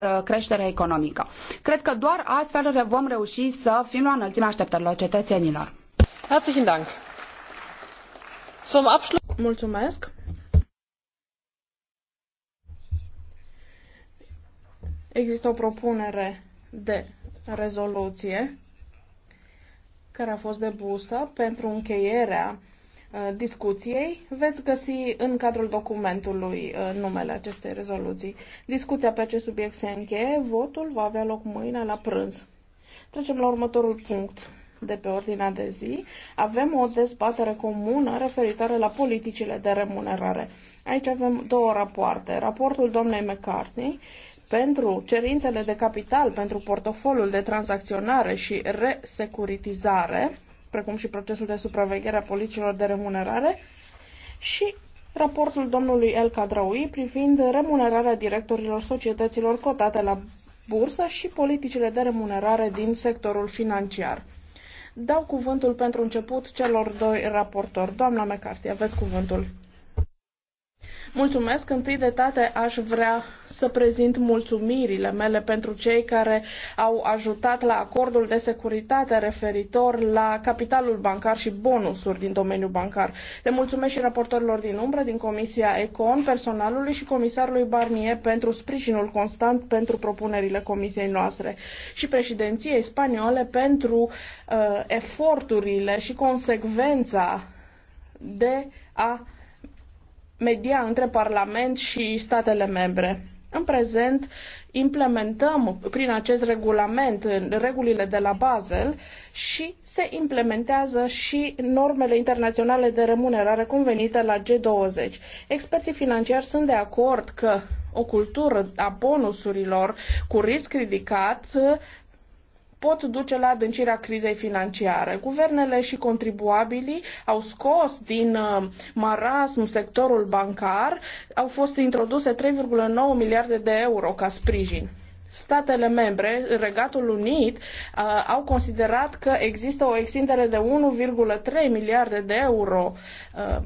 Uh, creșterea economică. Cred că doar astfel vom reuși să fim la înălțimea așteptărilor cetățenilor. Herzlichen Dank. Zum Abschluss. Mulțumesc. Există o propunere de rezoluție care a fost debusă pentru încheierea Uh, discuției. Veți găsi în cadrul documentului uh, numele acestei rezoluții. Discuția pe acest subiect se încheie. Votul va avea loc mâine la prânz. Trecem la următorul punct de pe ordinea de zi, avem o dezbatere comună referitoare la politicile de remunerare. Aici avem două rapoarte. Raportul domnei McCartney pentru cerințele de capital pentru portofoliul de tranzacționare și resecuritizare precum și procesul de supraveghere a politicilor de remunerare și raportul domnului El Cadraui privind remunerarea directorilor societăților cotate la bursă și politicile de remunerare din sectorul financiar. Dau cuvântul pentru început celor doi raportori. Doamna McCarthy, aveți cuvântul. Mulțumesc. Întâi de toate aș vrea să prezint mulțumirile mele pentru cei care au ajutat la acordul de securitate referitor la capitalul bancar și bonusuri din domeniul bancar. Le mulțumesc și raportorilor din umbră, din Comisia Econ, personalului și comisarului Barnier pentru sprijinul constant pentru propunerile comisiei noastre și președinției spaniole pentru uh, eforturile și consecvența de a media între Parlament și statele membre. În prezent implementăm prin acest regulament regulile de la Basel și se implementează și normele internaționale de remunerare convenite la G20. Experții financiari sunt de acord că o cultură a bonusurilor cu risc ridicat pot duce la adâncirea crizei financiare. Guvernele și contribuabilii au scos din uh, marasm sectorul bancar, au fost introduse 3,9 miliarde de euro ca sprijin statele membre, Regatul Unit, uh, au considerat că există o extindere de 1,3 miliarde de euro uh,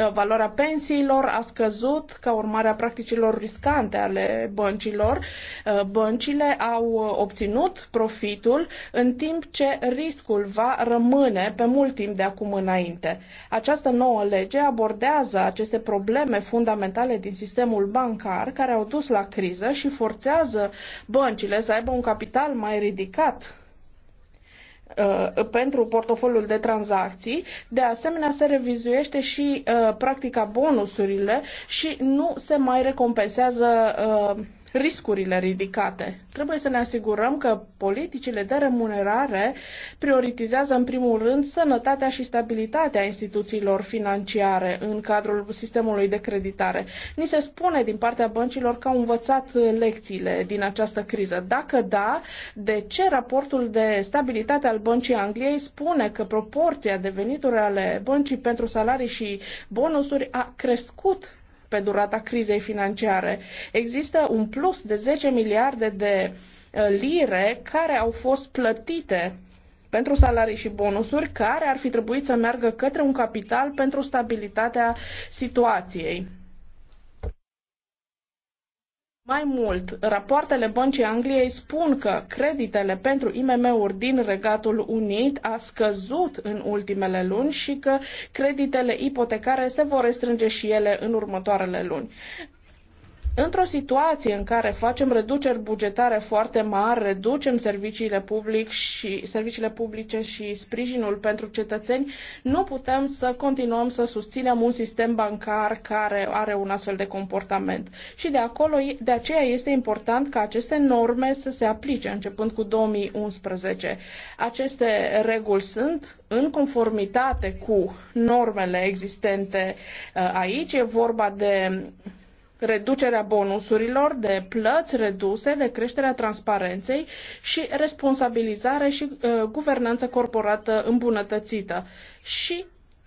Uh, valoarea pensiilor a scăzut ca urmare a practicilor riscante ale băncilor. Uh, băncile au uh, obținut profitul în timp ce riscul va rămâne pe mult timp de acum înainte. Această nouă lege abordează aceste probleme fundamentale din sistemul bancar care au dus la criză și forțează băncile să aibă un capital mai ridicat Uh, pentru portofoliul de tranzacții. De asemenea, se revizuiește și uh, practica bonusurile și nu se mai recompensează uh, riscurile ridicate. Trebuie să ne asigurăm că politicile de remunerare prioritizează în primul rând sănătatea și stabilitatea instituțiilor financiare în cadrul sistemului de creditare. Ni se spune din partea băncilor că au învățat lecțiile din această criză. Dacă da, de ce raportul de stabilitate al Băncii Angliei spune că proporția de venituri ale băncii pentru salarii și bonusuri a crescut pe durata crizei financiare. Există un plus de 10 miliarde de uh, lire care au fost plătite pentru salarii și bonusuri care ar fi trebuit să meargă către un capital pentru stabilitatea situației. Mai mult, rapoartele Băncii Angliei spun că creditele pentru IMM-uri din Regatul Unit a scăzut în ultimele luni și că creditele ipotecare se vor restrânge și ele în următoarele luni. Într-o situație în care facem reduceri bugetare foarte mari, reducem serviciile, public și, serviciile publice și sprijinul pentru cetățeni, nu putem să continuăm să susținem un sistem bancar care are un astfel de comportament. Și de, acolo, de aceea este important ca aceste norme să se aplice începând cu 2011. Aceste reguli sunt în conformitate cu normele existente uh, aici. E vorba de reducerea bonusurilor, de plăți reduse, de creșterea transparenței și responsabilizare și uh, guvernanță corporată îmbunătățită și,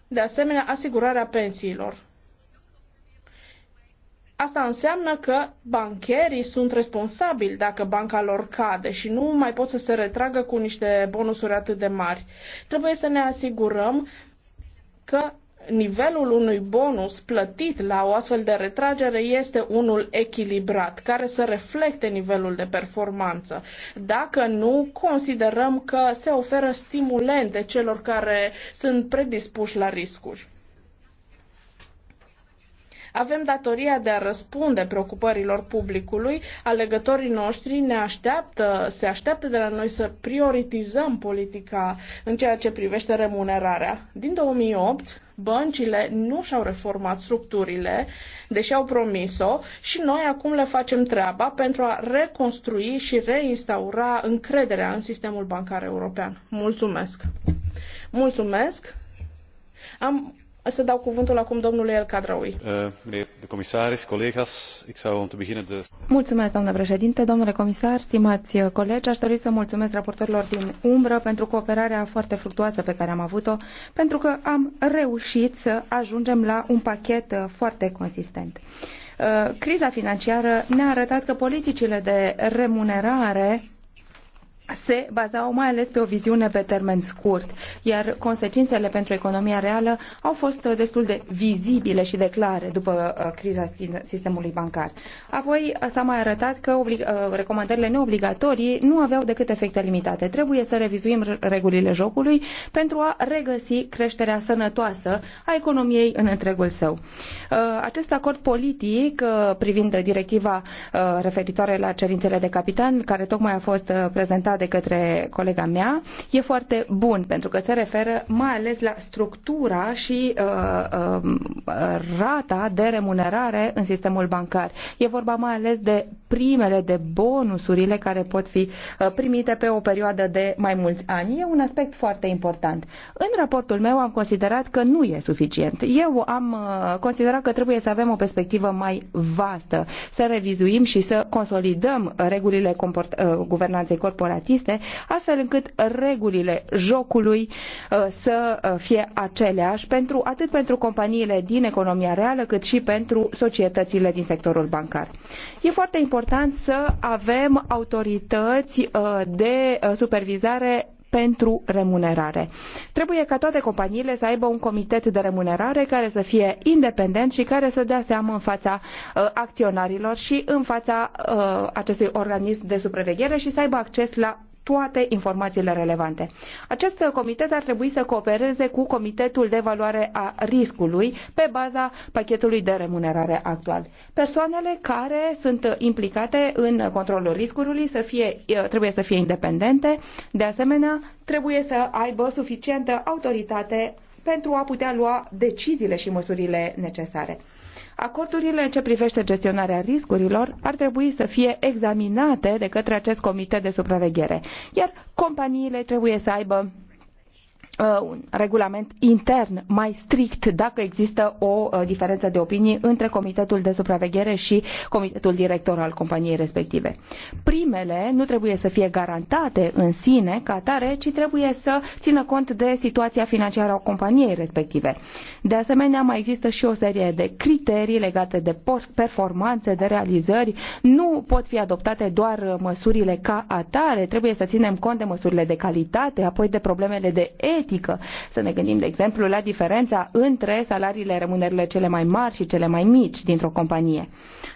de asemenea, asigurarea pensiilor. Asta înseamnă că bancherii sunt responsabili dacă banca lor cade și nu mai pot să se retragă cu niște bonusuri atât de mari. Trebuie să ne asigurăm că nivelul unui bonus plătit la o astfel de retragere este unul echilibrat, care să reflecte nivelul de performanță. Dacă nu, considerăm că se oferă stimulente celor care sunt predispuși la riscuri. Avem datoria de a răspunde preocupărilor publicului. Alegătorii noștri ne așteaptă, se așteaptă de la noi să prioritizăm politica în ceea ce privește remunerarea. Din 2008, Băncile nu și-au reformat structurile, deși au promis-o, și noi acum le facem treaba pentru a reconstrui și reinstaura încrederea în sistemul bancar european. Mulțumesc! Mulțumesc! Am să dau cuvântul acum domnului El Cadraui. Uh, commissaris collega's ik zou om te beginnen de. mulțumesc doamnă președinte domnule comisar stimați colegi aș dori să mulțumesc raportorilor din umbră pentru cooperarea foarte fructuoasă pe care am avut o pentru că am reușit să ajungem la un pachet uh, foarte consistent. Uh, criza financiară ne a arătat că politicile de remunerare se bazau mai ales pe o viziune pe termen scurt, iar consecințele pentru economia reală au fost destul de vizibile și de clare după uh, criza sistemului bancar. Apoi uh, s-a mai arătat că uh, recomandările neobligatorii nu aveau decât efecte limitate. Trebuie să revizuim regulile jocului pentru a regăsi creșterea sănătoasă a economiei în întregul său. Acest acord politic privind directiva referitoare la cerințele de capitan, care tocmai a fost prezentat de către colega mea e foarte bun pentru că se referă mai ales la structura și uh, uh, rata de remunerare în sistemul bancar. E vorba mai ales de primele, de bonusurile care pot fi uh, primite pe o perioadă de mai mulți ani. E un aspect foarte important. În raportul meu am considerat că nu e suficient. Eu am uh, considerat că trebuie să avem o perspectivă mai vastă, să revizuim și să consolidăm regulile comport- uh, guvernanței corporative separatiste, astfel încât regulile jocului uh, să uh, fie aceleași pentru, atât pentru companiile din economia reală, cât și pentru societățile din sectorul bancar. E foarte important să avem autorități uh, de supervizare pentru remunerare. Trebuie ca toate companiile să aibă un comitet de remunerare care să fie independent și care să dea seamă în fața uh, acționarilor și în fața uh, acestui organism de supraveghere și să aibă acces la toate informațiile relevante. Acest comitet ar trebui să coopereze cu Comitetul de Evaluare a Riscului pe baza pachetului de remunerare actual. Persoanele care sunt implicate în controlul riscului să fie, trebuie să fie independente, de asemenea trebuie să aibă suficientă autoritate pentru a putea lua deciziile și măsurile necesare. Acordurile în ce privește gestionarea riscurilor ar trebui să fie examinate de către acest comitet de supraveghere, iar companiile trebuie să aibă Uh, un regulament intern mai strict dacă există o uh, diferență de opinii între Comitetul de Supraveghere și Comitetul Director al companiei respective. Primele nu trebuie să fie garantate în sine ca atare, ci trebuie să țină cont de situația financiară a companiei respective. De asemenea, mai există și o serie de criterii legate de performanțe, de realizări. Nu pot fi adoptate doar uh, măsurile ca atare, trebuie să ținem cont de măsurile de calitate, apoi de problemele de etică, politică. Să ne gândim, de exemplu, la diferența între salariile, rămânerile cele mai mari și cele mai mici dintr-o companie.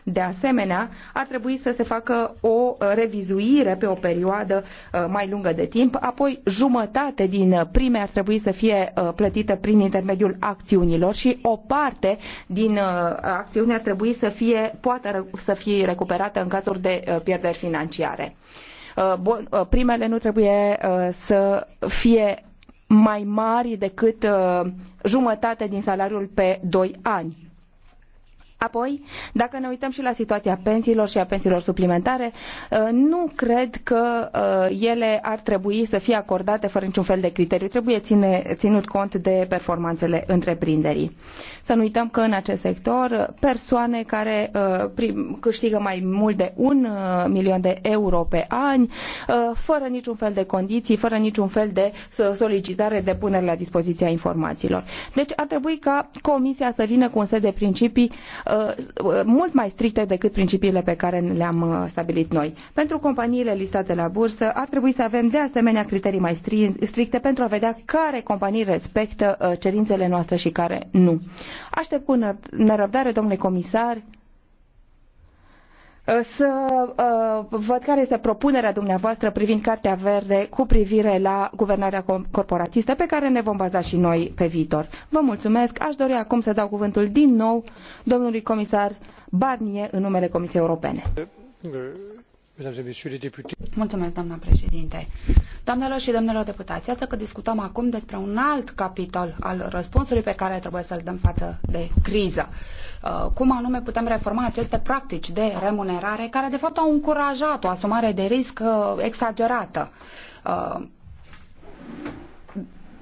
De asemenea, ar trebui să se facă o revizuire pe o perioadă uh, mai lungă de timp, apoi jumătate din prime ar trebui să fie uh, plătită prin intermediul acțiunilor și o parte din uh, acțiuni ar trebui să fie, poate să fie recuperată în cazuri de pierderi financiare primele nu trebuie să fie mai mari decât uh, jumătate din salariul pe doi ani. Apoi, dacă ne uităm și la situația pensiilor și a pensiilor suplimentare, uh, nu cred că uh, ele ar trebui să fie acordate fără niciun fel de criteriu. Trebuie ține, ținut cont de performanțele întreprinderii. Să nu uităm că în acest sector uh, persoane care prim, câștigă mai mult de un milion de euro pe an, fără niciun fel de condiții, fără niciun fel de solicitare de punere la dispoziția informațiilor. Deci ar trebui ca Comisia să vină cu un set de principii Uh, mult mai stricte decât principiile pe care le-am uh, stabilit noi. Pentru companiile listate la bursă ar trebui să avem de asemenea criterii mai stricte pentru a vedea care companii respectă uh, cerințele noastre și care nu. Aștept cu nerăbdare, domnule comisar, Uh, să uh, văd care este propunerea dumneavoastră privind Cartea Verde cu privire la guvernarea corporatistă pe care ne vom baza și noi pe viitor. Vă mulțumesc. Aș dori acum să dau cuvântul din nou domnului comisar Barnier în numele Comisiei Europene. Mulțumesc, doamna președinte. Doamnelor și domnilor deputați, iată că discutăm acum despre un alt capitol al răspunsului pe care trebuie să-l dăm față de criză. Uh, cum anume putem reforma aceste practici de remunerare care de fapt au încurajat o asumare de risc uh, exagerată uh,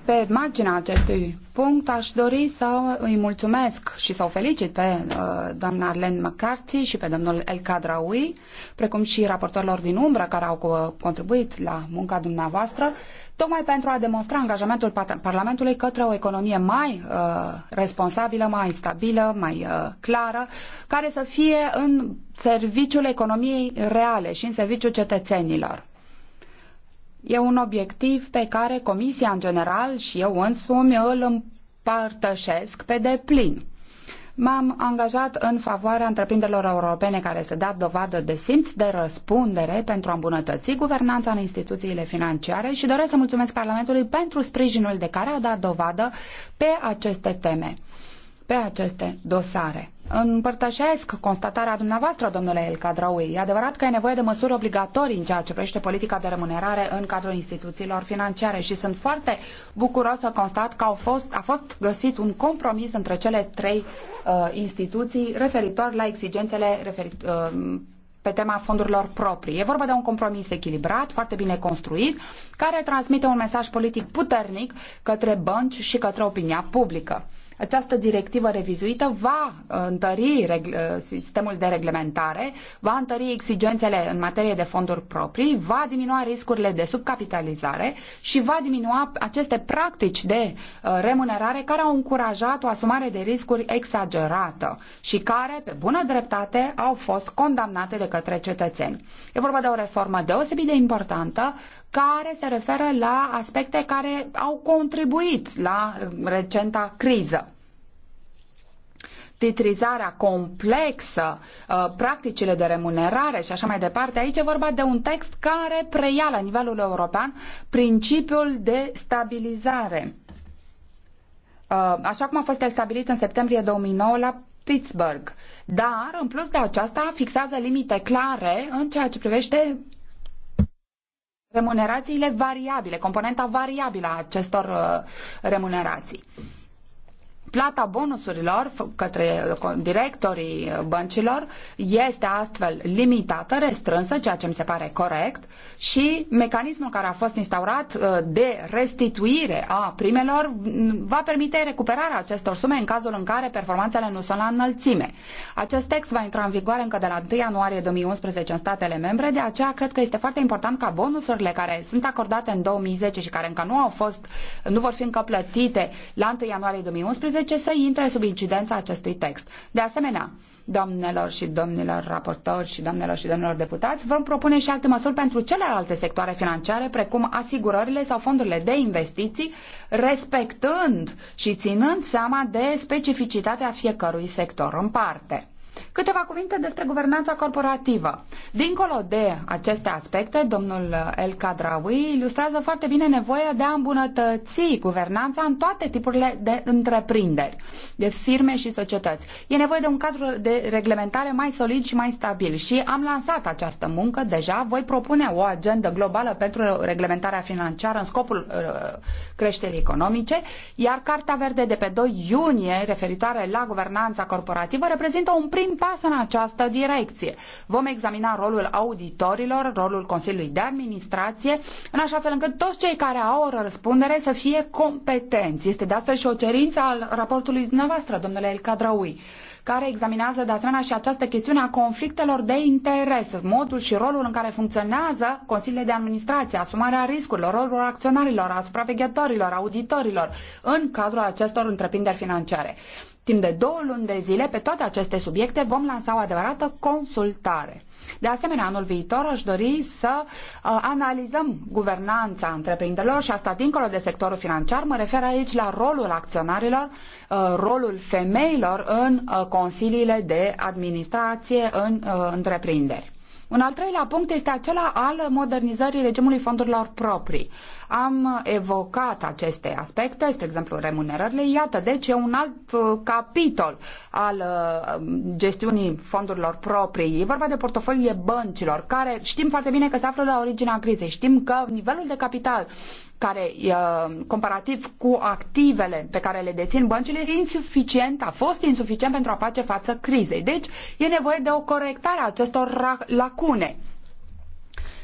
pe marginea acestui punct aș dori să îi mulțumesc și să o felicit pe uh, doamna Arlene McCarthy și pe domnul El Kadraoui, precum și raportorilor din umbră care au contribuit la munca dumneavoastră, tocmai pentru a demonstra angajamentul Parlamentului către o economie mai uh, responsabilă, mai stabilă, mai uh, clară, care să fie în serviciul economiei reale și în serviciul cetățenilor. E un obiectiv pe care Comisia în general și eu însumi îl împărtășesc pe deplin. M-am angajat în favoarea întreprinderilor europene care să dea dovadă de simț de răspundere pentru a îmbunătăți guvernanța în instituțiile financiare și doresc să mulțumesc Parlamentului pentru sprijinul de care a dat dovadă pe aceste teme pe aceste dosare. Împărtășesc constatarea dumneavoastră, domnule El Cadraui. E adevărat că e nevoie de măsuri obligatorii în ceea ce privește politica de remunerare în cadrul instituțiilor financiare și sunt foarte bucuros să constat că au fost, a fost găsit un compromis între cele trei uh, instituții referitor la exigențele referit, uh, pe tema fondurilor proprii. E vorba de un compromis echilibrat, foarte bine construit, care transmite un mesaj politic puternic către bănci și către opinia publică. Această directivă revizuită va uh, întări uh, sistemul de reglementare, va întări exigențele în materie de fonduri proprii, va diminua riscurile de subcapitalizare și va diminua aceste practici de uh, remunerare care au încurajat o asumare de riscuri exagerată și care, pe bună dreptate, au fost condamnate de către cetățeni. E vorba de o reformă deosebit de importantă care se referă la aspecte care au contribuit la recenta criză titrizarea complexă, uh, practicile de remunerare și așa mai departe. Aici e vorba de un text care preia la nivelul european principiul de stabilizare. Uh, așa cum a fost stabilit în septembrie 2009 la Pittsburgh. Dar, în plus de aceasta, fixează limite clare în ceea ce privește remunerațiile variabile, componenta variabilă a acestor uh, remunerații. Plata bonusurilor către directorii băncilor este astfel limitată, restrânsă, ceea ce mi se pare corect, și mecanismul care a fost instaurat uh, de restituire a primelor mm, va permite recuperarea acestor sume în cazul în care performanțele nu sunt la înălțime. Acest text va intra în vigoare încă de la 1 ianuarie 2011 în statele membre, de aceea cred că este foarte important ca bonusurile care sunt acordate în 2010 și care încă nu au fost, nu vor fi încă plătite la 1 ianuarie 2011, ce să intre sub incidența acestui text. De asemenea, doamnelor și domnilor raportori și doamnelor și domnilor deputați, vom propune și alte măsuri pentru celelalte sectoare financiare, precum asigurările sau fondurile de investiții, respectând și ținând seama de specificitatea fiecărui sector în parte. Câteva cuvinte despre guvernanța corporativă. Dincolo de aceste aspecte, domnul El Kadraoui ilustrează foarte bine nevoia de a îmbunătăți guvernanța în toate tipurile de întreprinderi, de firme și societăți. E nevoie de un cadru de reglementare mai solid și mai stabil și am lansat această muncă deja. Voi propune o agendă globală pentru reglementarea financiară în scopul uh, creșterii economice, iar Carta Verde de pe 2 iunie referitoare la guvernanța corporativă reprezintă un prim prim pas în această direcție. Vom examina rolul auditorilor, rolul Consiliului de Administrație, în așa fel încât toți cei care au o răspundere să fie competenți. Este de altfel și o cerință al raportului dumneavoastră, domnule El Cadraui care examinează de asemenea și această chestiune a conflictelor de interes, modul și rolul în care funcționează consiliile de administrație, asumarea riscurilor, rolul acționarilor, a supraveghetorilor, auditorilor în cadrul acestor întreprinderi financiare. Timp de două luni de zile, pe toate aceste subiecte, vom lansa o adevărată consultare. De asemenea, anul viitor aș dori să uh, analizăm guvernanța întreprinderilor și asta dincolo de sectorul financiar. Mă refer aici la rolul acționarilor, uh, rolul femeilor în uh, consiliile de administrație în uh, întreprinderi. Un al treilea punct este acela al modernizării regimului fondurilor proprii am evocat aceste aspecte, spre exemplu remunerările. Iată, deci e un alt uh, capitol al uh, gestiunii fondurilor proprii. E vorba de portofoliile băncilor, care știm foarte bine că se află la originea crizei. Știm că nivelul de capital care, uh, comparativ cu activele pe care le dețin băncile, e insuficient, a fost insuficient pentru a face față crizei. Deci, e nevoie de o corectare a acestor lacune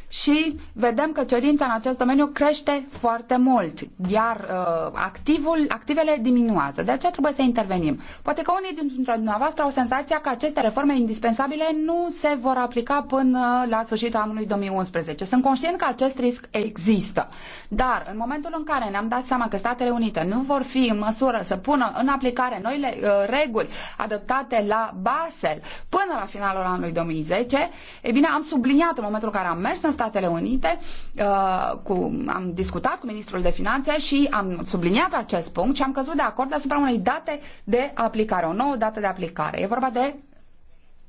și vedem că cerința în acest domeniu crește foarte mult, iar uh, activul, activele diminuează. De aceea trebuie să intervenim. Poate că unii dintre dumneavoastră au senzația că aceste reforme indispensabile nu se vor aplica până la sfârșitul anului 2011. Sunt conștient că acest risc există. Dar în momentul în care ne-am dat seama că Statele Unite nu vor fi în măsură să pună în aplicare noile uh, reguli adoptate la Basel până la finalul anului 2010, e bine, am subliniat în momentul în care am mers în Statele Unite, uh, cu, am discutat cu ministrul de finanțe și am subliniat acest punct și am căzut de acord asupra unei date de aplicare, o nouă dată de aplicare. E vorba de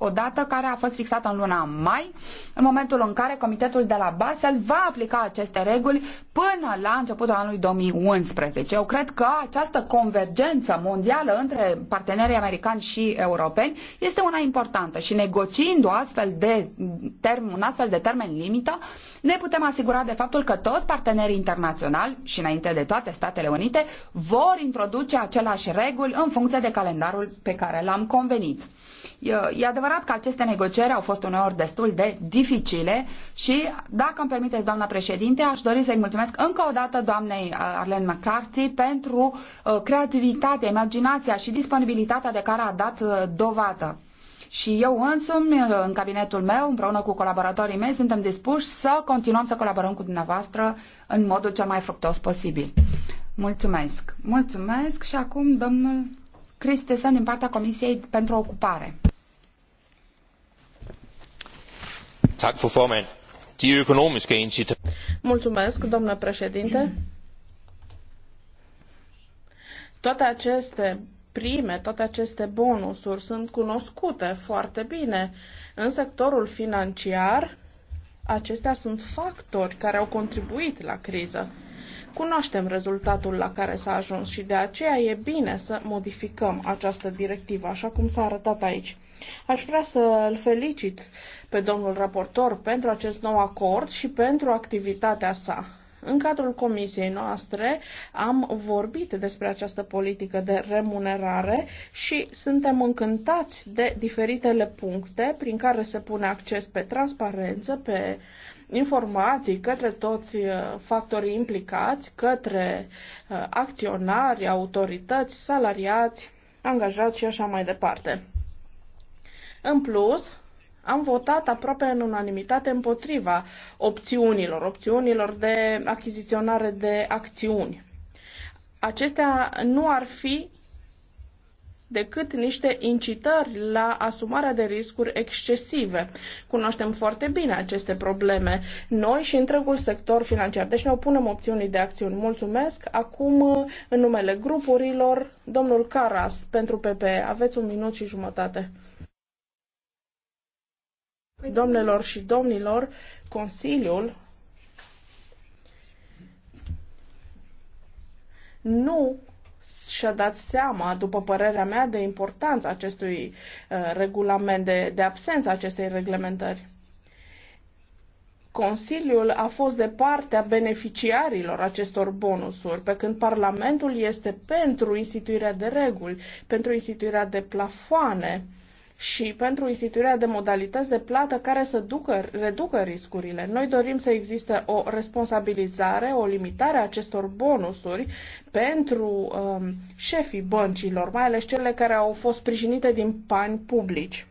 o dată care a fost fixată în luna mai, în momentul în care Comitetul de la Basel va aplica aceste reguli până la începutul anului 2011. Eu cred că această convergență mondială între partenerii americani și europeni este una importantă și negociind o astfel de term, un astfel de termen limită, ne putem asigura de faptul că toți partenerii internaționali și înainte de toate Statele Unite vor introduce același reguli în funcție de calendarul pe care l-am convenit. E adevărat că aceste negocieri au fost uneori destul de dificile și, dacă îmi permiteți, doamna președinte, aș dori să-i mulțumesc încă o dată doamnei uh, Arlen McCarthy pentru uh, creativitatea, imaginația și disponibilitatea de care a dat uh, dovadă. Și eu însumi, în cabinetul meu, împreună cu colaboratorii mei, suntem dispuși să continuăm să colaborăm cu dumneavoastră în modul cel mai fructos posibil. Mulțumesc. Mulțumesc și acum domnul Cristesen din partea Comisiei pentru Ocupare. Toate aceste prime, toate aceste bonusuri sunt cunoscute foarte bine. În sectorul financiar, acestea sunt factori care au contribuit la criză. Cunoaștem rezultatul la care s-a ajuns și de aceea e bine să modificăm această directivă, așa cum s-a arătat aici. Aș vrea să îl felicit pe domnul raportor pentru acest nou acord și pentru activitatea sa. În cadrul comisiei noastre am vorbit despre această politică de remunerare și suntem încântați de diferitele puncte prin care se pune acces pe transparență, pe informații către toți uh, factorii implicați, către uh, acționari, autorități, salariați, angajați și așa mai departe. În plus, am votat aproape în unanimitate împotriva opțiunilor, opțiunilor de achiziționare de acțiuni. Acestea nu ar fi decât niște incitări la asumarea de riscuri excesive. Cunoaștem foarte bine aceste probleme, noi și întregul sector financiar. Deci ne opunem opțiunii de acțiuni. Mulțumesc. Acum, în numele grupurilor, domnul Caras pentru PP. Aveți un minut și jumătate. Păi, domnilor și domnilor, Consiliul nu și-a dat seama, după părerea mea, de importanța acestui uh, regulament, de, de absența acestei reglementări. Consiliul a fost de partea beneficiarilor acestor bonusuri, pe când Parlamentul este pentru instituirea de reguli, pentru instituirea de plafoane uh, și pentru instituirea de modalități de plată care să ducă, reducă riscurile. Noi dorim să existe o responsabilizare, o limitare a acestor bonusuri pentru um, șefii băncilor, mai ales cele care au fost sprijinite din bani publici.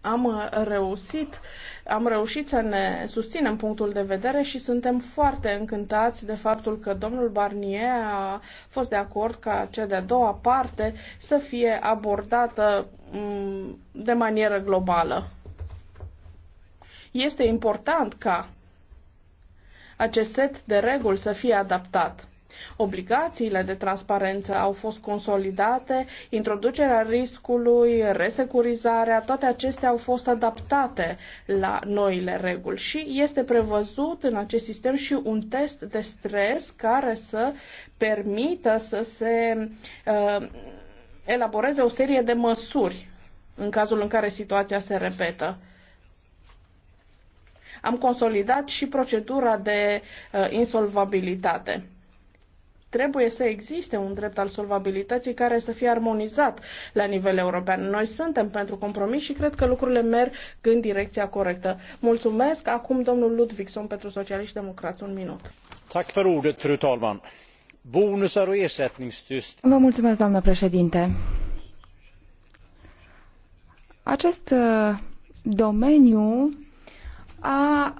Am uh, reușit am reușit să ne susținem punctul de vedere și suntem foarte încântați de faptul că domnul Barnier a fost de acord ca cea de-a doua parte să fie abordată mm, de manieră globală. Este important ca acest set de reguli să fie adaptat. Obligațiile de transparență au fost consolidate, introducerea riscului, resecurizarea, toate acestea au fost adaptate la noile reguli și este prevăzut în acest sistem și un test de stres care să permită să se uh, elaboreze o serie de măsuri în cazul în care situația se repetă am consolidat și procedura de uh, insolvabilitate trebuie să existe un drept al solvabilității care să fie armonizat la nivel european. Noi suntem pentru compromis și cred că lucrurile merg în direcția corectă. Mulțumesc. Acum domnul Ludvigson pentru Socialiști Democrați. Un minut. Tak för ordet, fru talman. Bonusar och ersättningssystem. Vă mulțumesc, doamnă președinte. Acest uh, domeniu a, a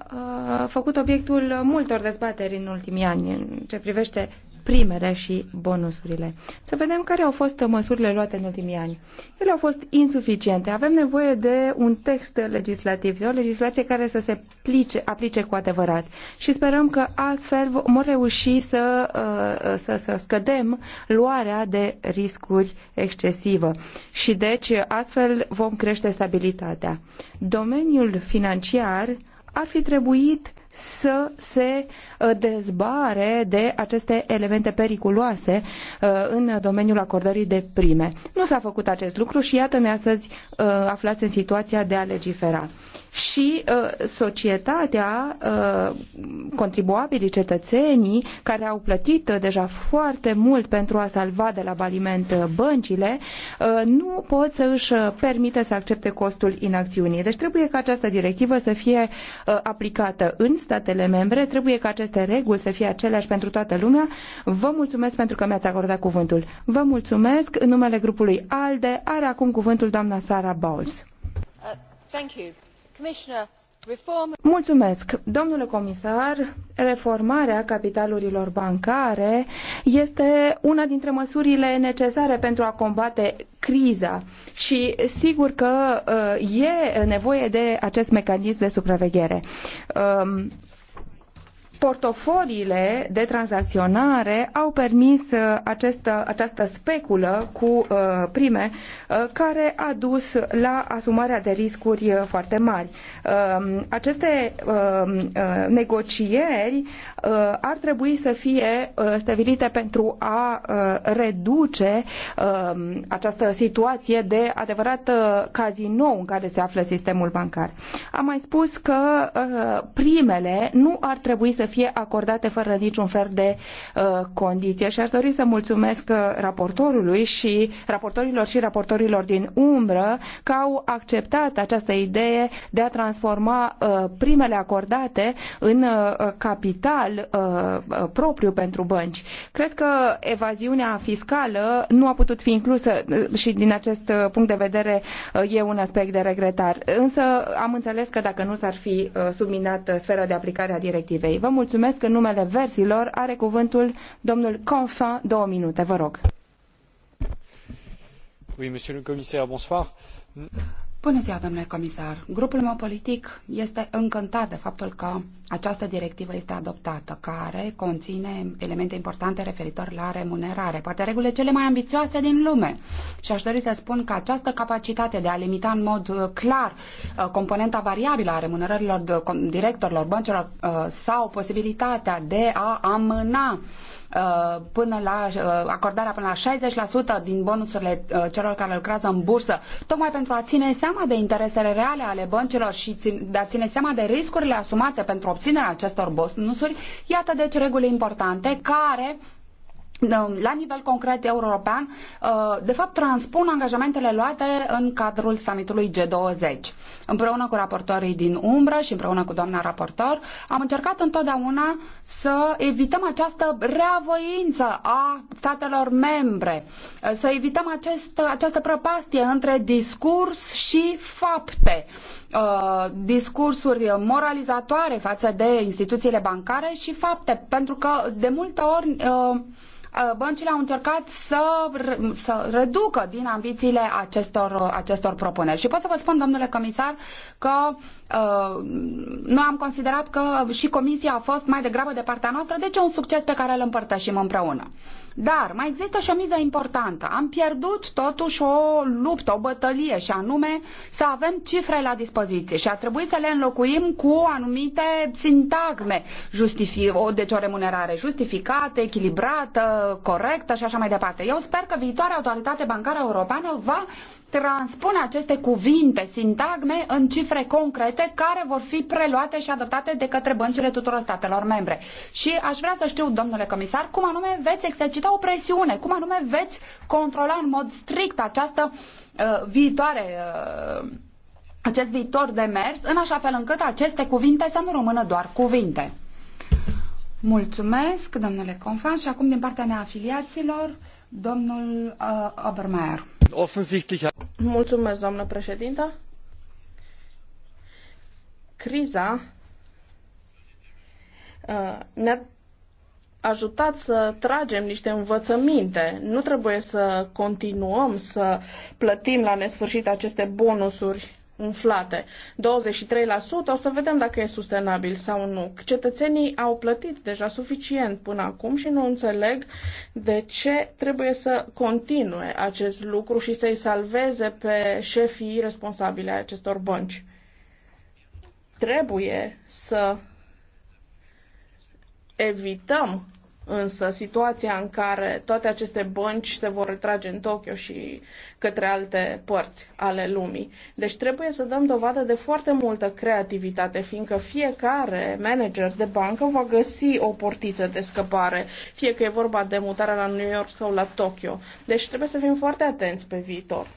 uh, făcut obiectul multor dezbateri în ultimii ani în ce privește primele și bonusurile. Să vedem care au fost măsurile luate în ultimii ani. Ele au fost insuficiente. Avem nevoie de un text legislativ, de o legislație care să se plice, aplice cu adevărat. Și sperăm că astfel vom reuși să, uh, să, să scădem luarea de riscuri excesivă. Și deci astfel vom crește stabilitatea. Domeniul financiar ar fi trebuit să se uh, dezbare de aceste elemente periculoase uh, în domeniul acordării de prime. Nu s-a făcut acest lucru și iată-ne astăzi uh, aflați în situația de a legifera. Și societatea, contribuabilii, cetățenii care au plătit deja foarte mult pentru a salva de la baliment băncile, nu pot să își permite să accepte costul inacțiunii. Deci trebuie ca această directivă să fie aplicată în statele membre. Trebuie ca aceste reguli să fie aceleași pentru toată lumea. Vă mulțumesc pentru că mi-ați acordat cuvântul. Vă mulțumesc. În numele grupului ALDE are acum cuvântul doamna Sara Bowles. Uh, thank you. Commissioner, Mulțumesc. Domnule comisar, reformarea capitalurilor bancare este una dintre măsurile necesare pentru a combate criza și sigur că uh, e nevoie de acest mecanism de supraveghere um, portofoliile de tranzacționare au permis uh, această, uh, această speculă cu uh, prime care a dus la asumarea de riscuri foarte mari. Um, aceste um, negocieri ar trebui să fie stabilite pentru a reduce um, această situație de adevărat cazinou în care se află sistemul bancar. Am mai spus că primele nu ar trebui să fie acordate fără niciun fel de uh, condiție. Și aș dori să mulțumesc uh, raportorului și raportorilor și raportorilor din umbră că au acceptat această idee de a transforma uh, primele acordate în uh, capital uh, uh propriu pentru bănci. Cred că evaziunea fiscală nu a putut fi inclusă uh, și din acest punct de vedere e un aspect de regretar. Însă am înțeles că dacă nu s-ar fi subminat sfera de aplicare a directivei. Vă mulțumesc mulțumesc în numele versilor. Are cuvântul domnul Confin, două minute, vă rog. Oui, monsieur le commissaire, bonsoir. Bună ziua, domnule comisar. Grupul meu politic este încântat de faptul că această directivă este adoptată, care conține elemente importante referitor la remunerare, poate regulile cele mai ambițioase din lume. Și aș dori să spun că această capacitate de a limita în mod uh, clar uh, componenta variabilă a remunerărilor directorilor băncilor uh, sau posibilitatea de a amâna Uh, până la uh, acordarea până la 60% din bonusurile uh, celor care lucrează în bursă, tocmai pentru a ține seama de interesele reale ale băncilor și de a ține seama de riscurile asumate pentru obținerea acestor bonusuri, iată deci reguli importante care Ă, la nivel concret european, ă, de fapt transpun angajamentele luate în cadrul summitului G20. Împreună cu raportorii din umbră și împreună cu doamna raportor, am încercat întotdeauna să evităm această reavoință a statelor membre, să evităm acest, această prăpastie între discurs și fapte, ă, discursuri moralizatoare față de instituțiile bancare și fapte, pentru că de multe ori Uh, băncile au încercat să, să reducă din ambițiile acestor, uh, acestor propuneri. Și pot să vă spun, domnule comisar, că Uh, noi am considerat că și comisia a fost mai degrabă de partea noastră, deci e un succes pe care îl împărtășim împreună. Dar mai există și o miză importantă. Am pierdut totuși o luptă, o bătălie și anume să avem cifre la dispoziție și a trebuit să le înlocuim cu anumite sintagme, justifi- o, deci o remunerare justificată, echilibrată, corectă și așa mai departe. Eu sper că viitoarea autoritate bancară europeană va transpune aceste cuvinte, sintagme, în cifre concrete care vor fi preluate și adoptate de către băncile tuturor statelor membre. Și aș vrea să știu, domnule comisar, cum anume veți exercita o presiune, cum anume veți controla în mod strict această uh, viitoare. Uh, acest viitor de mers, în așa fel încât aceste cuvinte să nu rămână doar cuvinte. Mulțumesc, domnule Confan, și acum din partea neafiliaților, domnul uh, Obermeier offensichtlich... Mulțumesc, doamnă președintă. Criza uh, ne-a ajutat să tragem niște învățăminte. Nu trebuie să continuăm să plătim la nesfârșit aceste bonusuri umflate. 23% o să vedem dacă e sustenabil sau nu. Cetățenii au plătit deja suficient până acum și nu înțeleg de ce trebuie să continue acest lucru și să-i salveze pe șefii responsabile acestor bănci. Trebuie să evităm Însă situația în care toate aceste bănci se vor retrage în Tokyo și către alte părți ale lumii. Deci trebuie să dăm dovadă de foarte multă creativitate, fiindcă fiecare manager de bancă va găsi o portiță de scăpare, fie că e vorba de mutarea la New York sau la Tokyo. Deci trebuie să fim foarte atenți pe viitor.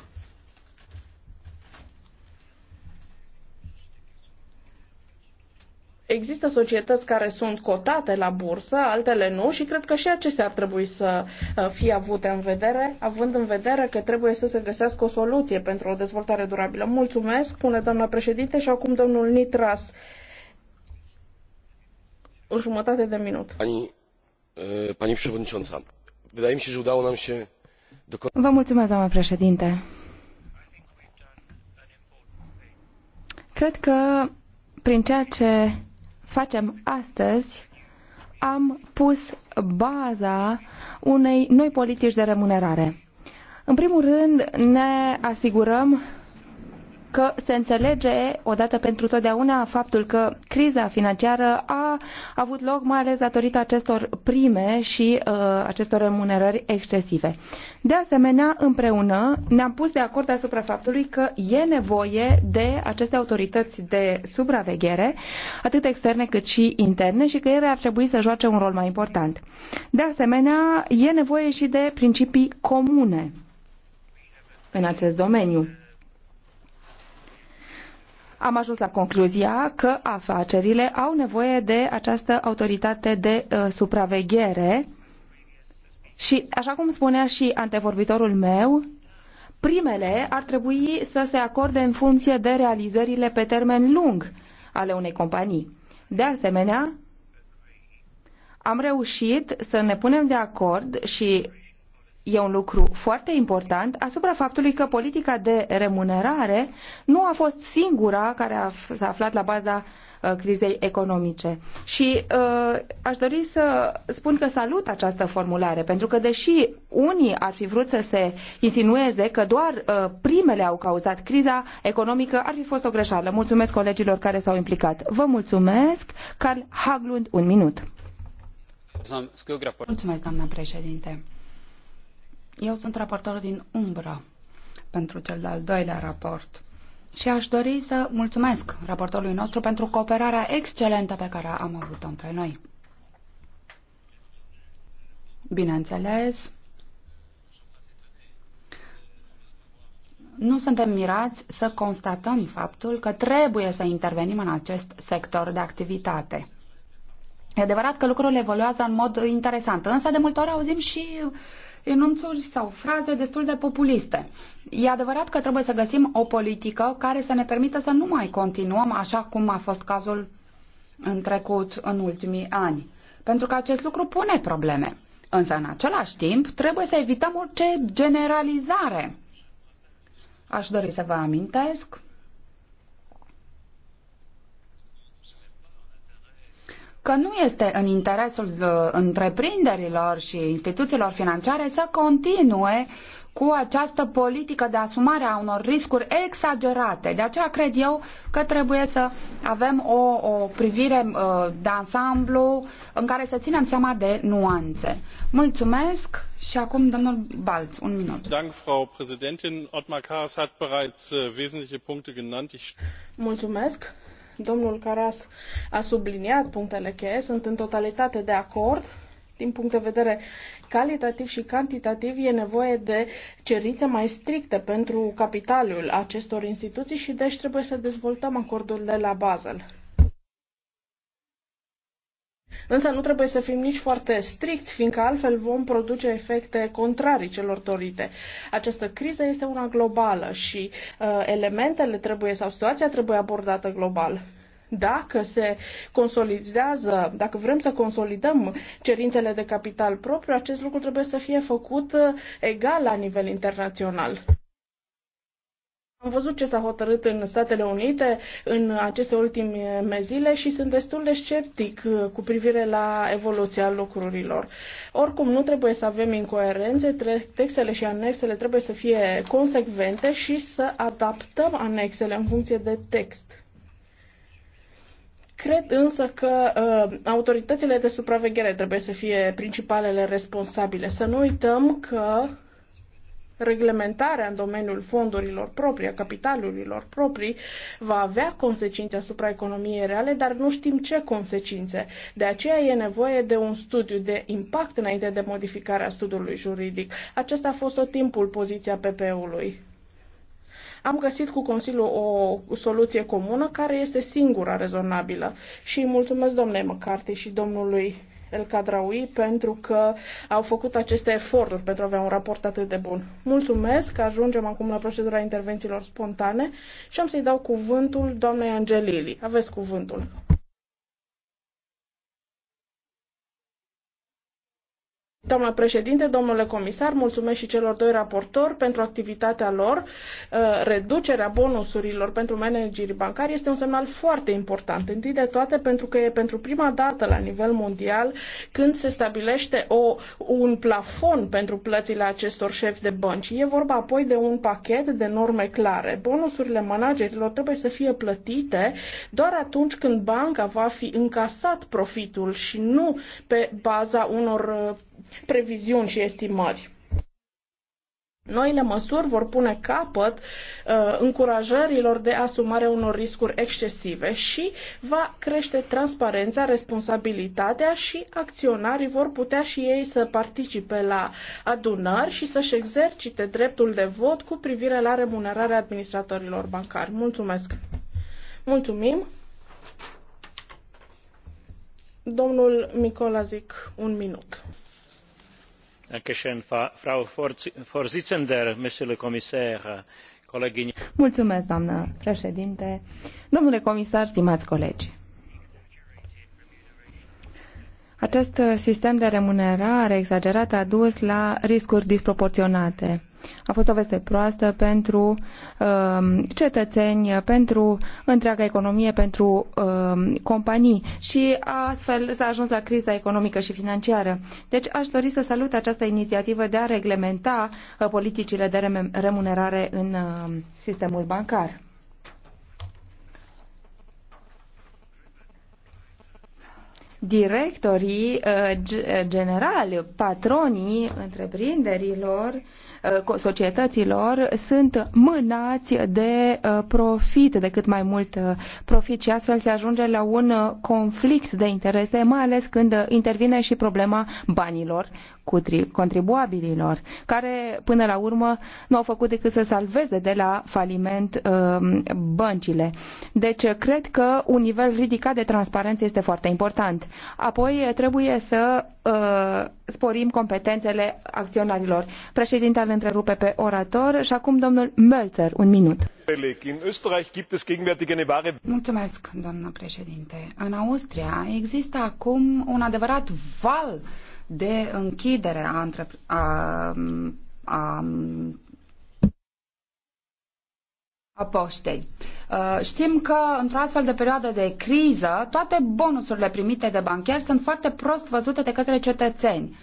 Există societăți care sunt cotate la bursă, altele nu și cred că și acestea ar trebui să uh, fie avute în vedere, având în vedere că trebuie să se găsească o soluție pentru o dezvoltare durabilă. Mulțumesc, spune doamna președinte și acum domnul Nitras. O jumătate de minut. Pani, pani președinte, wydaje mi się, udało nam się Vă mulțumesc, doamna președinte. Cred că prin ceea ce facem astăzi, am pus baza unei noi politici de remunerare. În primul rând, ne asigurăm că se înțelege odată pentru totdeauna faptul că criza financiară a avut loc mai ales datorită acestor prime și uh, acestor remunerări excesive. De asemenea, împreună ne-am pus de acord asupra faptului că e nevoie de aceste autorități de supraveghere, atât externe cât și interne, și că ele ar trebui să joace un rol mai important. De asemenea, e nevoie și de principii comune în acest domeniu am ajuns la concluzia că afacerile au nevoie de această autoritate de uh, supraveghere și, așa cum spunea și antevorbitorul meu, primele ar trebui să se acorde în funcție de realizările pe termen lung ale unei companii. De asemenea, am reușit să ne punem de acord și e un lucru foarte important asupra faptului că politica de remunerare nu a fost singura care a, s-a aflat la baza uh, crizei economice. Și uh, aș dori să spun că salut această formulare, pentru că deși unii ar fi vrut să se insinueze că doar uh, primele au cauzat criza economică, ar fi fost o greșeală. Mulțumesc colegilor care s-au implicat. Vă mulțumesc. Carl Haglund, un minut. Mulțumesc, doamna președinte eu sunt raportor din umbră pentru cel de-al doilea raport și aș dori să mulțumesc raportorului nostru pentru cooperarea excelentă pe care am avut-o între noi. Bineînțeles, nu suntem mirați să constatăm faptul că trebuie să intervenim în acest sector de activitate. E adevărat că lucrurile evoluează în mod interesant, însă de multe ori auzim și enunțuri sau fraze destul de populiste. E adevărat că trebuie să găsim o politică care să ne permită să nu mai continuăm așa cum a fost cazul în trecut, în ultimii ani. Pentru că acest lucru pune probleme. Însă, în același timp, trebuie să evităm orice generalizare. Aș dori să vă amintesc că nu este în interesul uh, întreprinderilor și instituțiilor financiare să continue cu această politică de asumare a unor riscuri exagerate. De aceea cred eu că trebuie să avem o, o privire uh, de ansamblu în care să ținem seama de nuanțe. Mulțumesc și acum domnul Balț, un minut. Dank, Frau Präsidentin. hat bereits uh, wesentliche genannt. Mulțumesc domnul Caras a subliniat punctele cheie, sunt în totalitate de acord. Din punct de vedere calitativ și cantitativ, e nevoie de cerințe mai stricte pentru capitalul acestor instituții și deci trebuie să dezvoltăm acordul de la Basel. Însă nu trebuie să fim nici foarte stricți, fiindcă altfel vom produce efecte contrarii celor dorite. Această criză este una globală și uh, elementele trebuie sau situația trebuie abordată global dacă se consolidează, dacă vrem să consolidăm cerințele de capital propriu, acest lucru trebuie să fie făcut uh, egal la nivel internațional. Am văzut ce s-a hotărât în Statele Unite în aceste ultime zile și sunt destul de sceptic uh, cu privire la evoluția lucrurilor. Oricum, nu trebuie să avem incoerențe, textele și anexele trebuie să fie consecvente și să adaptăm anexele în funcție de text. Cred însă că uh, autoritățile de supraveghere trebuie să fie principalele responsabile. Să nu uităm că Reglementarea în domeniul fondurilor proprii, a capitalurilor proprii, va avea consecințe asupra economiei reale, dar nu știm ce consecințe. De aceea e nevoie de un studiu de impact înainte de modificarea studiului juridic. Acesta a fost tot timpul poziția PP-ului am găsit cu Consiliul o soluție comună care este singura rezonabilă. Și mulțumesc domnule McCarthy și domnului el Cadraui pentru că au făcut aceste eforturi pentru a avea un raport atât de bun. Mulțumesc, ajungem acum la procedura intervențiilor spontane și am să-i dau cuvântul doamnei Angelili. Aveți cuvântul. Doamna președinte, domnule comisar, mulțumesc și celor doi raportori pentru activitatea lor. Uh, reducerea bonusurilor pentru managerii bancari este un semnal foarte important. Întâi de toate pentru că e pentru prima dată la nivel mondial când se stabilește o, un plafon pentru plățile acestor șefi de bănci. E vorba apoi de un pachet de norme clare. Bonusurile managerilor trebuie să fie plătite doar atunci când banca va fi încasat profitul și nu pe baza unor uh, previziuni și estimări. Noile măsuri vor pune capăt uh, încurajărilor de asumare unor riscuri excesive și va crește transparența, responsabilitatea și acționarii vor putea și ei să participe la adunări și să-și exercite dreptul de vot cu privire la remunerarea administratorilor bancari. Mulțumesc! Mulțumim! Domnul zic un minut. Mulțumesc, președinte. Domnule comisar, stimați colegi. Acest sistem de remunerare exagerată a dus la riscuri disproporționate. A fost o veste proastă pentru um, cetățeni, pentru întreaga economie, pentru um, companii și astfel s-a ajuns la criza economică și financiară. Deci aș dori să salut această inițiativă de a reglementa uh, politicile de remunerare în uh, sistemul bancar. directorii uh, uh, generali, patronii întreprinderilor, uh, societăților sunt mânați de profit, de cât mai mult profit și astfel se ajunge la un conflict de interese, mai ales când intervine și problema banilor, contribuabililor, care până la urmă nu au făcut decât să salveze de la faliment um, băncile. Deci cred că un nivel ridicat de transparență este foarte important. Apoi trebuie să uh, sporim competențele acționarilor. Președintele întrerupe pe orator și acum domnul Mölzer, un minut. Mulțumesc, doamnă președinte. În Austria există acum un adevărat val de închidere deschidere a, a, a, a poștei. Uh, știm că într-o astfel de perioadă de criză, toate bonusurile primite de banchieri sunt foarte prost văzute de către cetățeni.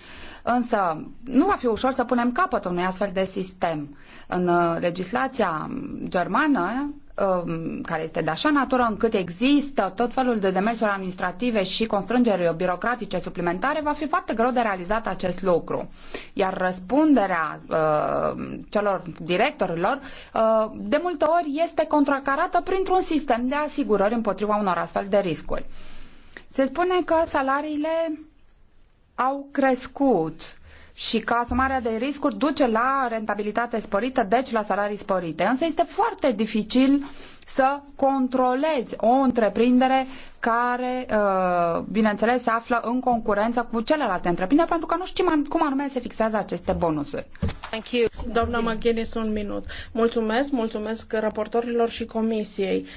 Însă nu va fi ușor să punem capăt unui astfel de sistem. În uh, legislația germană Um, care este de așa natură încât există tot felul de demersuri administrative și constrângeri birocratice suplimentare, va fi foarte greu de realizat acest lucru. Iar răspunderea uh, celor directorilor uh, de multe ori este contracarată printr-un sistem de asigurări împotriva unor astfel de riscuri. Se spune că salariile au crescut și că asumarea de riscuri duce la rentabilitate sporită, deci la salarii sporite. Însă este foarte dificil să controlezi o întreprindere care, uh, bineînțeles, se află în concurență cu celelalte întreprinderi, pentru că nu știm cum anume se fixează aceste bonusuri. Thank you. Doamna McGuinness, un minut. Mulțumesc, mulțumesc raportorilor și comisiei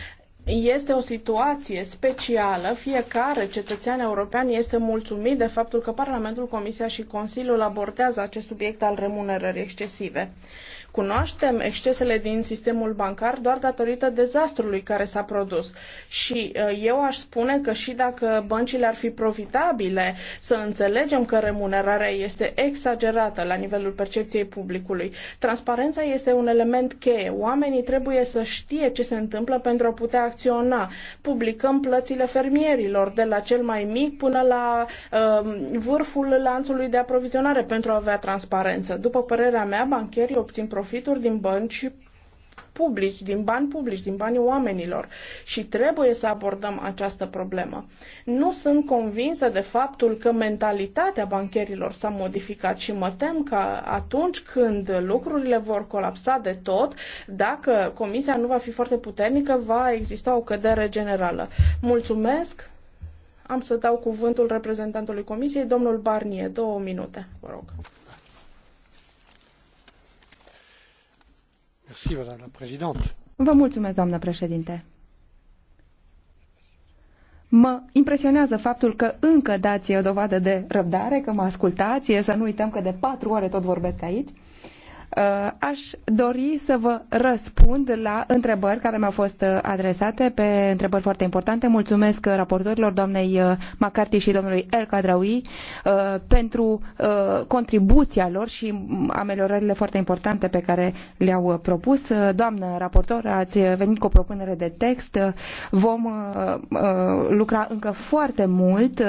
este o situație specială. Fiecare cetățean european este mulțumit de faptul că Parlamentul, Comisia și Consiliul abordează acest subiect al remunerării excesive. Cunoaștem excesele din sistemul bancar doar datorită dezastrului care s-a produs. Și uh, eu aș spune că și dacă băncile ar fi profitabile, să înțelegem că remunerarea este exagerată la nivelul percepției publicului. Transparența este un element cheie. Oamenii trebuie să știe ce se întâmplă pentru a putea acționa. Publicăm plățile fermierilor de la cel mai mic până la uh, vârful lanțului de aprovizionare pentru a avea transparență. După părerea mea, bancherii obțin profit profituri din bănci publici, din bani publici, din banii oamenilor și trebuie să abordăm această problemă. Nu sunt convinsă de faptul că mentalitatea bancherilor s-a modificat și mă tem că atunci când lucrurile vor colapsa de tot, dacă comisia nu va fi foarte puternică, va exista o cădere generală. Mulțumesc! Am să dau cuvântul reprezentantului comisiei, domnul Barnie. Două minute, vă rog. Vă mulțumesc, doamnă președinte. Mă impresionează faptul că încă dați o dovadă de răbdare, că mă ascultați, să nu uităm că de patru ore tot vorbesc aici. Uh, aș dori să vă răspund la întrebări care mi-au fost uh, adresate, pe întrebări foarte importante. Mulțumesc uh, raportorilor doamnei McCarthy și domnului El Cadraui pentru contribuția lor și mm, ameliorările foarte importante pe care le-au propus. Doamnă raportor, ați venit cu o propunere de text. Vom lucra încă foarte mult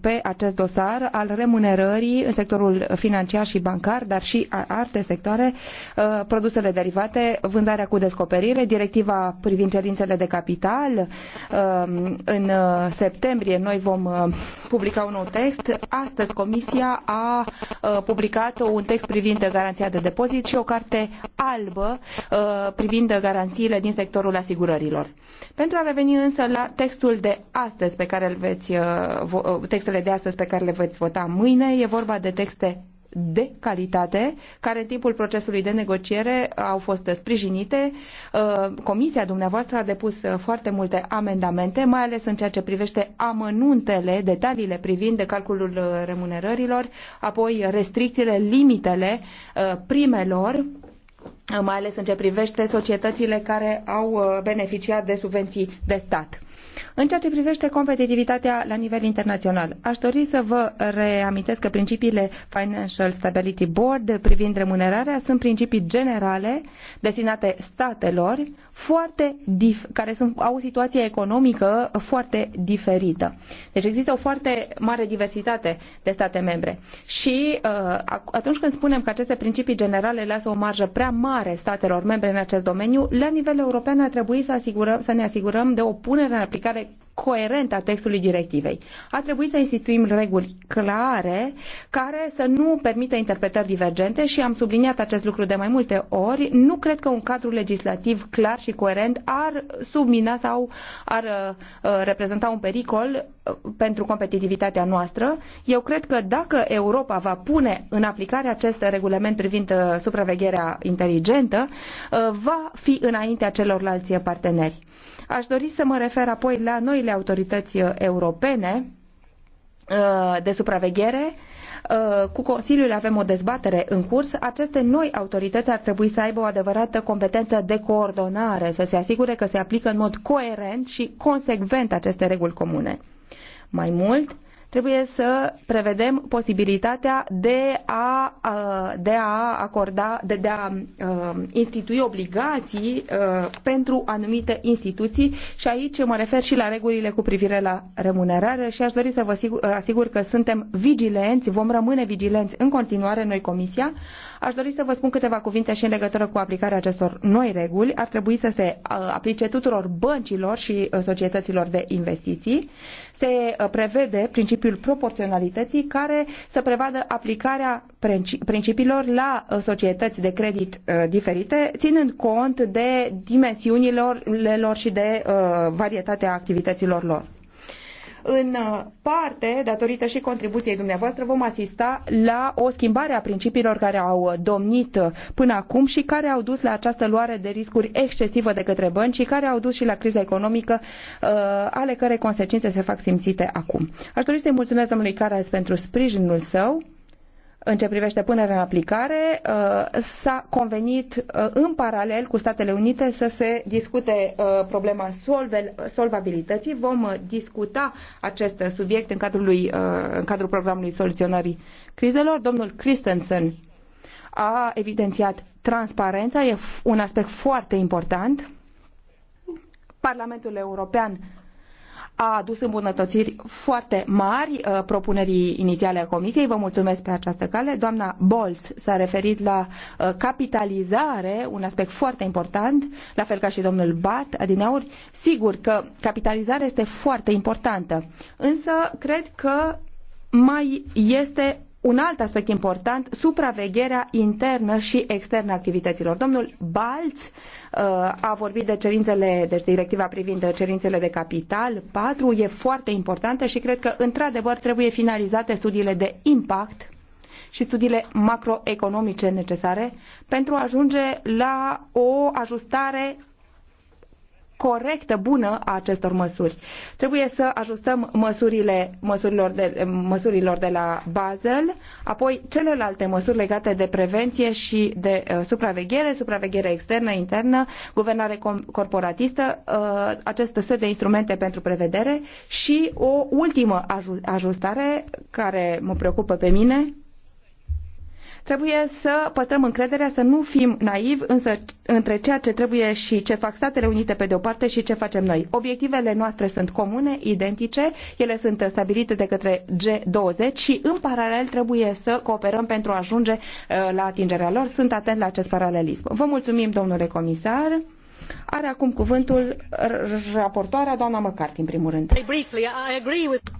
pe acest dosar al remunerării în sectorul financiar și bancar, dar și a alte sectoare sectoare, uh, produsele derivate, vânzarea cu descoperire, directiva privind cerințele de capital. Uh, în uh, septembrie noi vom publica un nou text. Astăzi Comisia a publicat un text privind garanția de depozit și o carte albă privind garanțiile din sectorul asigurărilor. Pentru a reveni însă la textul de astăzi pe care îl veți, textele de astăzi pe care le veți vota mâine, e vorba de texte de calitate, care în timpul procesului de negociere au fost sprijinite. Uh, comisia dumneavoastră a depus uh, foarte multe amendamente, mai ales în ceea ce privește amănuntele, detaliile privind de calculul uh, remunerărilor, apoi restricțiile, limitele primelor mai ales în ce privește societățile care au beneficiat de subvenții de stat. În ceea ce privește competitivitatea la nivel internațional, aș dori să vă reamintesc că principiile Financial Stability Board privind remunerarea sunt principii generale destinate statelor foarte care sunt, au o situație economică foarte diferită. Deci există o foarte mare diversitate de state membre. Și uh, atunci când spunem că aceste principii generale lasă o marjă prea mare statelor membre în acest domeniu, la nivel european ar trebui să, asigurăm, să ne asigurăm de o punere în aplicare coerentă a textului directivei. A trebuit să instituim reguli clare care să nu permită interpretări divergente și am subliniat acest lucru de mai multe ori. Nu cred că un cadru legislativ clar și coerent ar submina sau ar uh, uh, reprezenta un pericol uh, pentru competitivitatea noastră. Eu cred că dacă Europa va pune în aplicare acest regulament privind supravegherea inteligentă, va fi înaintea celorlalți parteneri Aș dori să mă refer apoi la noile autorități uh, europene uh, de supraveghere. Uh, cu Consiliul avem o dezbatere în curs. Aceste noi autorități ar trebui să aibă o adevărată competență de coordonare, să se asigure că se aplică în mod coerent și consecvent aceste reguli comune. Mai mult, Trebuie să prevedem posibilitatea de a, de a acorda, de, de a institui obligații pentru anumite instituții și aici mă refer și la regulile cu privire la remunerare și aș dori să vă asigur că suntem vigilenți, vom rămâne vigilenți în continuare noi Comisia, Aș dori să vă spun câteva cuvinte și în legătură cu aplicarea acestor noi reguli. Ar trebui să se uh, aplice tuturor băncilor și uh, societăților de investiții. Se uh, prevede principiul proporționalității care să prevadă aplicarea principiilor la societăți de credit diferite, ținând cont de dimensiunile lor și de varietatea activităților lor. În uh, parte, datorită și contribuției dumneavoastră, vom asista la o schimbare a principiilor care au uh, domnit uh, până acum și care au dus la această luare de riscuri excesivă de către bănci și care au dus și la criza economică, ale care consecințe se fac simțite acum. Aș dori să-i mulțumesc domnului Caras pentru sprijinul său în ce privește punerea în aplicare, uh, s-a convenit uh, în paralel cu Statele Unite să se discute uh, problema solvabilității. Vom discuta acest subiect în cadrul, lui, în cadrul programului soluționării crizelor. Domnul Christensen a evidențiat transparența, e un aspect foarte important. Parlamentul European a adus îmbunătățiri foarte mari uh, propunerii inițiale a Comisiei. Vă mulțumesc pe această cale. Doamna Bols s-a referit la uh, capitalizare, un aspect foarte important, la fel ca și domnul Bat adineauri. Sigur că capitalizarea este foarte importantă, însă cred că mai este un alt aspect important, supravegherea internă și externă a activităților. Domnul Balț uh, a vorbit de cerințele, deci directiva privind cerințele de capital 4 e foarte importantă și cred că într-adevăr trebuie finalizate studiile de impact și studiile macroeconomice necesare pentru a ajunge la o ajustare corectă, bună a acestor măsuri. Trebuie să ajustăm măsurile, măsurilor, de, măsurilor de la Basel, apoi celelalte măsuri legate de prevenție și de uh, supraveghere, supraveghere externă, internă, guvernare corporatistă, uh, acest set de instrumente pentru prevedere și o ultimă ajustare care mă preocupă pe mine, Trebuie să păstrăm încrederea, să nu fim naivi însă între ceea ce trebuie și ce fac Statele Unite pe de-o parte și ce facem noi. Obiectivele noastre sunt comune, identice, ele sunt stabilite de către G20 și în paralel trebuie să cooperăm pentru a ajunge uh, la atingerea lor. Sunt atent la acest paralelism. Vă mulțumim, domnule comisar. Are acum cuvântul raportoarea doamna McCarthy, în primul rând.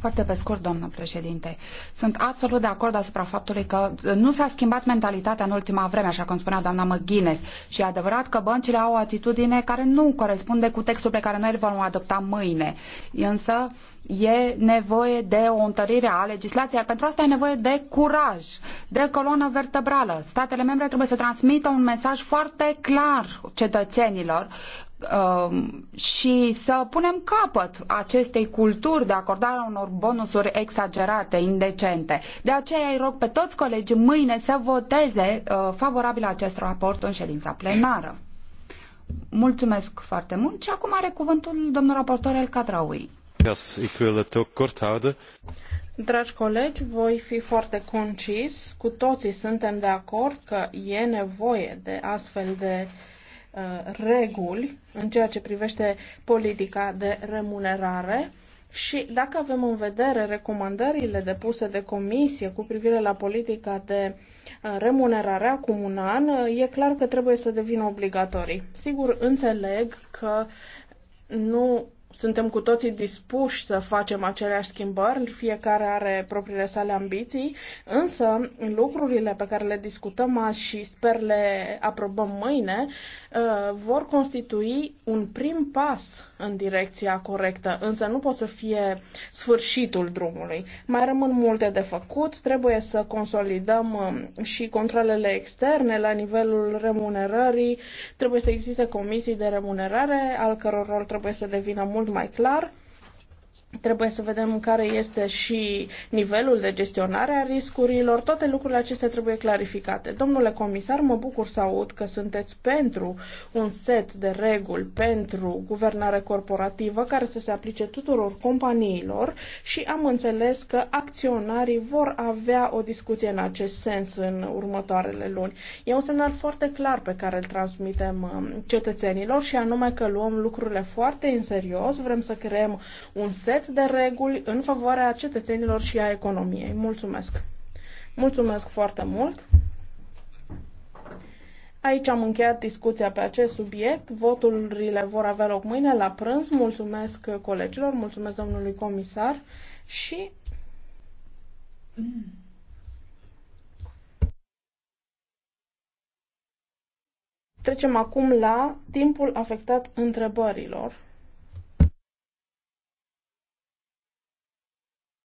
Foarte pe scurt, doamnă președinte. Sunt absolut de acord asupra faptului că nu s-a schimbat mentalitatea în ultima vreme, așa cum spunea doamna McGuinness. Și e adevărat că băncile au o atitudine care nu corespunde cu textul pe care noi îl vom adopta mâine. Însă, e nevoie de o întărire a legislației, iar pentru asta e nevoie de curaj, de coloană vertebrală. Statele membre trebuie să transmită un mesaj foarte clar cetățenilor um, și să punem capăt acestei culturi de acordare unor bonusuri exagerate, indecente. De aceea îi rog pe toți colegii mâine să voteze uh, favorabil acest raport în ședința plenară. Mulțumesc foarte mult și acum are cuvântul domnul raportor El Cadraui. Dragi colegi, voi fi foarte concis. Cu toții suntem de acord că e nevoie de astfel de uh, reguli în ceea ce privește politica de remunerare. Și dacă avem în vedere recomandările depuse de comisie cu privire la politica de uh, remunerare acum un an, uh, e clar că trebuie să devină obligatorii. Sigur, înțeleg că nu suntem cu toții dispuși să facem aceleași schimbări, fiecare are propriile sale ambiții, însă lucrurile pe care le discutăm azi și sper le aprobăm mâine uh, vor constitui un prim pas în direcția corectă, însă nu pot să fie sfârșitul drumului. Mai rămân multe de făcut, trebuie să consolidăm um, și controlele externe la nivelul remunerării, trebuie să existe comisii de remunerare, al căror rol trebuie să devină mult mult mai clar Trebuie să vedem care este și nivelul de gestionare a riscurilor. Toate lucrurile acestea trebuie clarificate. Domnule comisar, mă bucur să aud că sunteți pentru un set de reguli pentru guvernare corporativă care să se aplice tuturor companiilor și am înțeles că acționarii vor avea o discuție în acest sens în următoarele luni. E un semnal foarte clar pe care îl transmitem um, cetățenilor și anume că luăm lucrurile foarte în serios, vrem să creăm un set set de reguli în favoarea cetățenilor și a economiei. Mulțumesc! Mulțumesc foarte mult! Aici am încheiat discuția pe acest subiect. Voturile vor avea loc mâine la prânz. Mulțumesc colegilor, mulțumesc domnului comisar și. Trecem acum la timpul afectat întrebărilor.